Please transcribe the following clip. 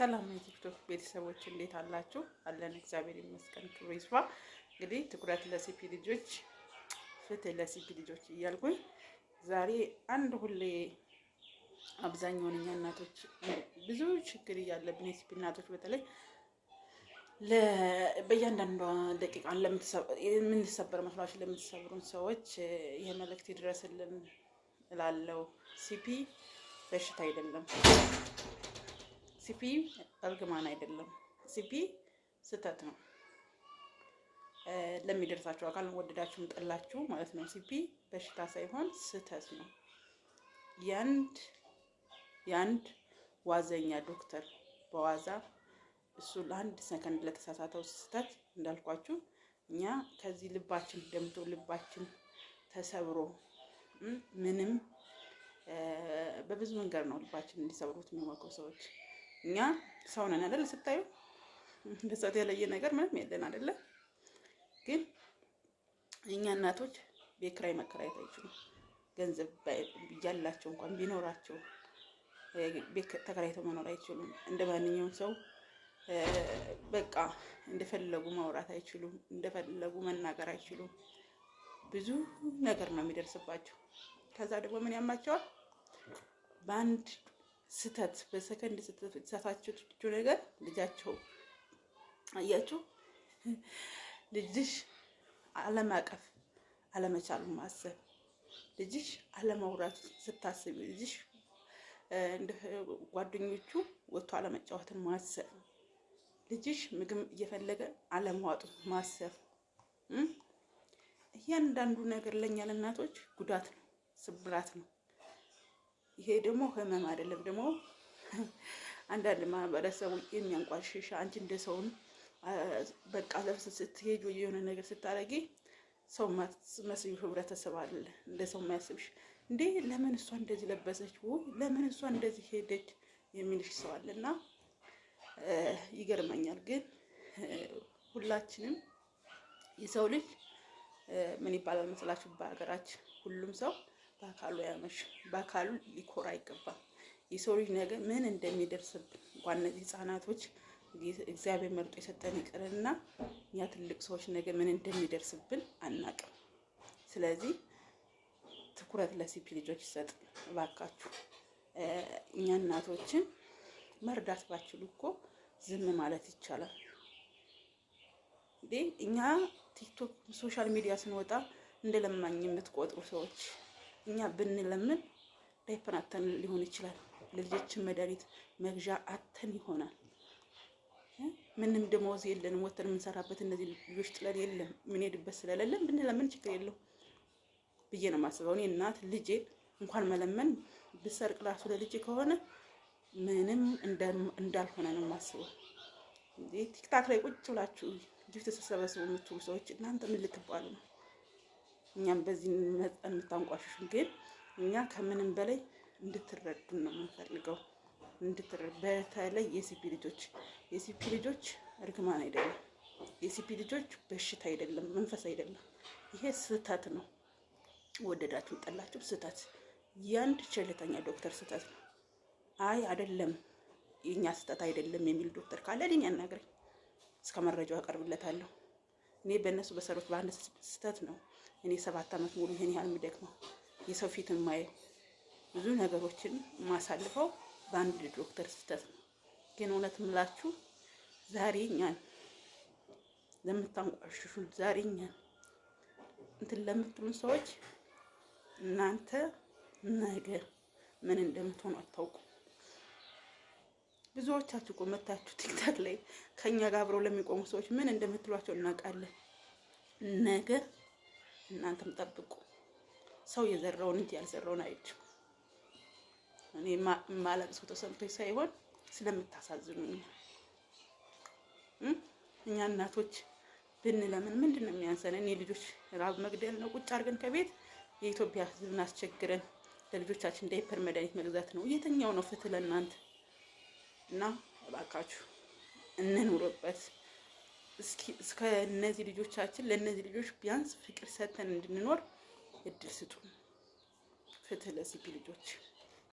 ሰላም የቲክቶክ ቤተሰቦች እንዴት አላችሁ? አለን እግዚአብሔር ይመስገን ክብሩ ይስፋ። እንግዲህ ትኩረት ለሲፒ ልጆች፣ ፍትህ ለሲፒ ልጆች እያልኩኝ ዛሬ አንድ ሁሌ አብዛኛውን እኛ እናቶች ብዙ ችግር እያለብን የሲፒ እናቶች በተለይ በእያንዳንዷ ደቂቃ የምንሰበር መስሏችን ለምትሰብሩን ሰዎች ይህ መልእክት ይድረስልን እላለሁ። ሲፒ በሽታ አይደለም ሲፒ እርግማን አይደለም። ሲፒ ስህተት ነው። ለሚደርሳችሁ አካል ወደዳችሁም ጠላችሁ ማለት ነው። ሲፒ በሽታ ሳይሆን ስህተት ነው። ያንድ ያንድ ዋዘኛ ዶክተር በዋዛ እሱ ለአንድ ሰከንድ ለተሳሳተው ስህተት እንዳልኳችሁ እኛ ከዚህ ልባችን ደምቶ ልባችን ተሰብሮ ምንም በብዙ መንገድ ነው ልባችን እንዲሰብሩት የሚሞክሩ ሰዎች እኛ ሰው ነን አይደል? ስታዩ እንደዛት ያለየ ነገር ምንም የለን አይደለ? ግን እኛ እናቶች ቤት ኪራይ መከራየት አይችሉም። ገንዘብ ያላቸው እንኳን ቢኖራቸው ቤት ተከራይተው መኖር አይችሉም። እንደ ማንኛውም ሰው በቃ እንደፈለጉ ማውራት አይችሉም። እንደፈለጉ መናገር አይችሉም። ብዙ ነገር ነው የሚደርስባቸው። ከዛ ደግሞ ምን ያማቸዋል? በአንድ ስተት በሰከንድ ስተት የተሳሳችሁት ነገር ልጃቸው አያችሁ፣ ልጅሽ አለማቀፍ አለመቻሉ ማሰብ ልጅሽ አለመውራት ስታስብ ልጅሽ ጓደኞቹ ወጥቶ አለመጫወትን ማሰብ ልጅሽ ምግብ እየፈለገ አለማዋጡን ማሰብ እያንዳንዱ ነገር ለእኛ ለእናቶች ጉዳት ነው፣ ስብራት ነው። ይሄ ደግሞ ህመም አይደለም። ደግሞ አንዳንድ ማህበረሰቡ የሚያንቋሽሽ አንቺ እንደ ሰውን በቃ ለብስ ስትሄጂ የሆነ ነገር ስታደርጊ ሰው መስዩ ህብረተሰብ አለ። እንደ ሰው የማያስብሽ እንዴ ለምን እሷ እንደዚህ ለበሰች፣ ለምን እሷ እንደዚህ ሄደች የሚልሽ ሰው አለ እና ይገርመኛል። ግን ሁላችንም የሰው ልጅ ምን ይባላል መስላችሁ በሀገራችን ሁሉም ሰው በአካሉ ያመሽ በአካሉ ሊኮራ አይገባም። የሰው ልጅ ነገ ምን እንደሚደርስብን እንኳን እነዚህ ህጻናቶች እግዚአብሔር መርጦ የሰጠን ይቅርና እኛ ትልቅ ሰዎች ነገ ምን እንደሚደርስብን አናቅም። ስለዚህ ትኩረት ለሲፒ ልጆች ይሰጥ እባካችሁ። እኛ እናቶችን መርዳት ባችሉ እኮ ዝም ማለት ይቻላል። እኛ ቲክቶክ ሶሻል ሚዲያ ስንወጣ እንደ ለማኝ የምትቆጥሩ ሰዎች እኛ ብንለምን ዳይፐር አተን ሊሆን ይችላል። ለልጆችን መድኃኒት መግዣ አተን ይሆናል። ምንም ደመወዝ የለንም። ወተን የምንሰራበት እነዚህ ልጆች ጥለን የለም የምንሄድበት ስለሌለን ብንለምን ችግር የለው ብዬ ነው የማስበው። እኔ እናት ልጄ እንኳን መለመን ብሰርቅ ራሱ ለልጅ ከሆነ ምንም እንዳልሆነ ነው የማስበው። ቲክታክ ላይ ቁጭ ብላችሁ ጊፍት ተሰበስቡ የምትሉ ሰዎች እናንተ ምን ልትባሉ ነው? እኛም በዚህ መጠን የምታንቋሽሹ ግን እኛ ከምንም በላይ እንድትረዱን ነው የምንፈልገው። እንድትረዱ በተለይ የሲፒ ልጆች የሲፒ ልጆች እርግማን አይደለም። የሲፒ ልጆች በሽታ አይደለም፣ መንፈስ አይደለም። ይሄ ስህተት ነው። ወደዳችሁ ጠላችሁ ስህተት፣ የአንድ ቸልተኛ ዶክተር ስህተት ነው። አይ አይደለም የእኛ ስህተት አይደለም የሚል ዶክተር ካለ እኔን ያናግረኝ፣ እስከ መረጃው አቀርብለታለሁ። እኔ በእነሱ በሰሩት በአንድ ስህተት ነው እኔ ሰባት ዓመት ሙሉ ይህን ያህል የሚደክመው የሰው ፊት የማየው ብዙ ነገሮችን የማሳልፈው በአንድ ዶክተር ስህተት ነው። ግን እውነት ምላችሁ ዛሬ እኛን ለምታንቋሽሹን፣ ዛሬ እኛን እንትን ለምትሉን ሰዎች እናንተ ነገ ምን እንደምትሆኑ አታውቁ። ብዙዎቻችሁ እኮ መታችሁ ቲክታክ ላይ ከኛ ጋር አብረው ለሚቆሙ ሰዎች ምን እንደምትሏቸው እናውቃለን። ነገ እናንተም ጠብቁ። ሰው የዘራውን እንጂ ያልዘራውን አይችው። እኔ ማለቅሰው ተሰምቶ ሳይሆን ስለምታሳዝኑኝ እኛ እናቶች ብንለምን ምንድን ነው የሚያንሰን? እኔ ልጆች ራብ መግደል ነው ቁጭ አድርገን ከቤት የኢትዮጵያ ሕዝብን አስቸግረን ለልጆቻችን ዳይፐር መድኃኒት መግዛት ነው። የትኛው ነው ፍትህ ለእናንተ? እና እባካችሁ እንኑርበት። እስከ እነዚህ ልጆቻችን ለእነዚህ ልጆች ቢያንስ ፍቅር ሰጥተን እንድንኖር እድል ስጡ። ፍትህ ለሲፒ ልጆች